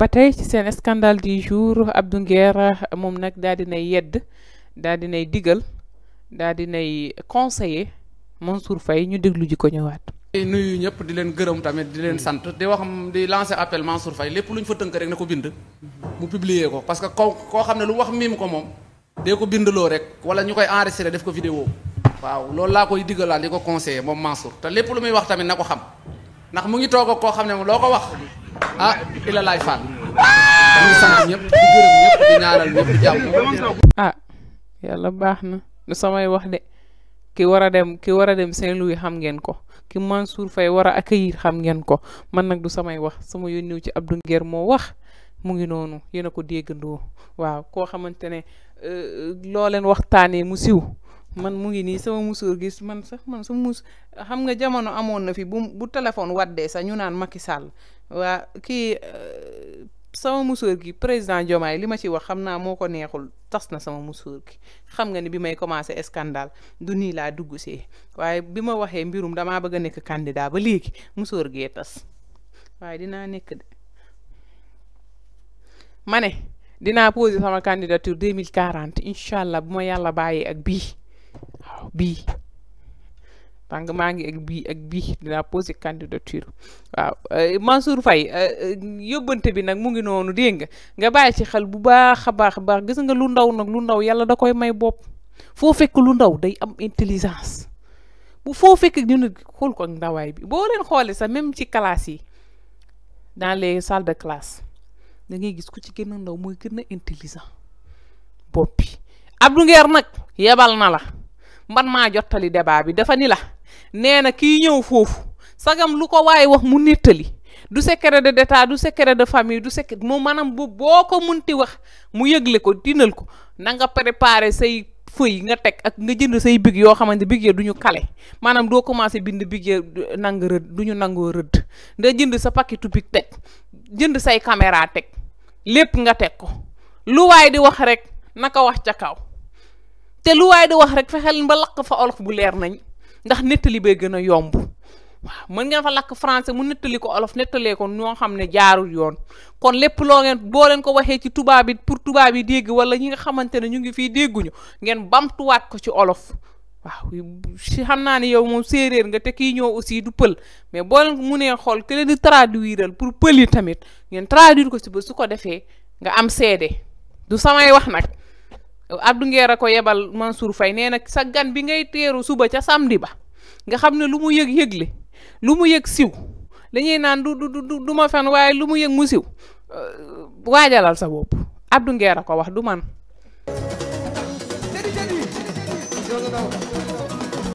ba tey ci seen scandale di jour Abdou Nguer moom nag daal dinay yedd daal dinay diggal daal dinay conseiller Mansour Faye ñu déglu ji ko ñëwaat nuyu ñëpp di leen gërëm tamit di leen sant di wax di lancer appel Mansour Faye lépp lu ñu fa tënk rek na ko bind mu publier ko parce que ko koo xam ne lu wax miim ko moom dee ko bindloo rek wala ñu koy enregistrer def ko vidéo waaw loolu laa koy diggalaat di ko conseiller moom Mansour te lépp lu muy wax tami na ko xam ah ila laay faal ah, baax na du samay wax de ki war a dem ki war a dem Saint-Louis xam ngeen ko ki Mansour Faye war a accueillir xam ngeen ko man nag du samay wax sama yónniw ci Abdou Nguer moo wax mu ngi noonu yéen a ko déggandoo waaw koo xamante ne euh, loo leen waxtaanee mu siw man mu ngi nii sama musóor gis man sax man sama mus xam nga jamono amoon na fi bu bu téléphone waddee sax ñu naan Macky Sall waa kii euh, sama musóor gi président Diomaye li ma ci wax xam naa moo ko neexul tas na sama musóor gi xam nga ni bi may commencé scandale du nii laa dugg see waaye bi ma waxee mbirum damaa bëgg a nekk candidat ba léegi musóor gee tas waaye dinaa nekk de ma ne dinaa poser sama candidature deux mille quarante incha allah bu ma yàlla bàyyee ak bii bii maa ngi ak bii ak bii dinaa posé candidature waaw euh, Mansour Faye euh, yóbbante bi nag mu ngi noonu dégg nga nga bàyyi ci xel bu baax a baax a baax gis nga lu ndaw nag lu ndaw yàlla da koy may bopp foo fekk lu ndaw day am intelligence bu foo fekk ñu ne xool ko ak ndawaay bi boo leen xoolee sax même ci classe yi dans le salles de classe dangay gis ko ci gën a ndaw mooy gën a intelligent bopp bi Abdou Nguer nag yebal na la. man maa jottali débat bi dafa ni la nee na kii ñëw foofu sagam lu ko waaye wax mu nettali du secret de d'état du secret de famille du secret mu maanaam bu boo ko munti wax mu yëgle ko dinal ko na nga préparer say feuille nga teg ak nga jënd say big yoo xamante big ya du ñu kale maanaam doo commencé bind big ya nang rëdd du ñu nangoo rëdd nga jënd sa paquetu big teg jënd say kamera teg lépp nga teg ko lu waay di wax rek naka wax ca kaw te lu waaye di wax rek fexeel ba lakk fa olof bu leer nañ ndax nettali bay gën a yomb waaw mën ngeen fa lakk français mu nettali ko olof nettalee ko ñoo xam ne jaarul yoon kon lépp loo ngeen boo leen ko waxee ci tubaab bi pour tubaab yi dégg wala ñi nga xamante ne ñu ngi fii dégguñu ngeen bamtuwaat ko ci olof waaw si xam naa ne yow moom séeréer nga te kii ñëw aussi du pël mais boo leen mu nee xool te leen di traduiral pour pël yi tamit ngeen traduire ko si ba su ko defee nga am seede du samay wax nag Abdou Nguer a ko yebal Mansour Faye nee na sa gan bi ngay teeru suba ca samedi ba nga xam ne lu mu yëg yëgle lu mu yëg siw dañuy naan du du du du ma fen waaye lu mu yëg mu siw waajalal sa bopp Abdou Nguer a ko wax du man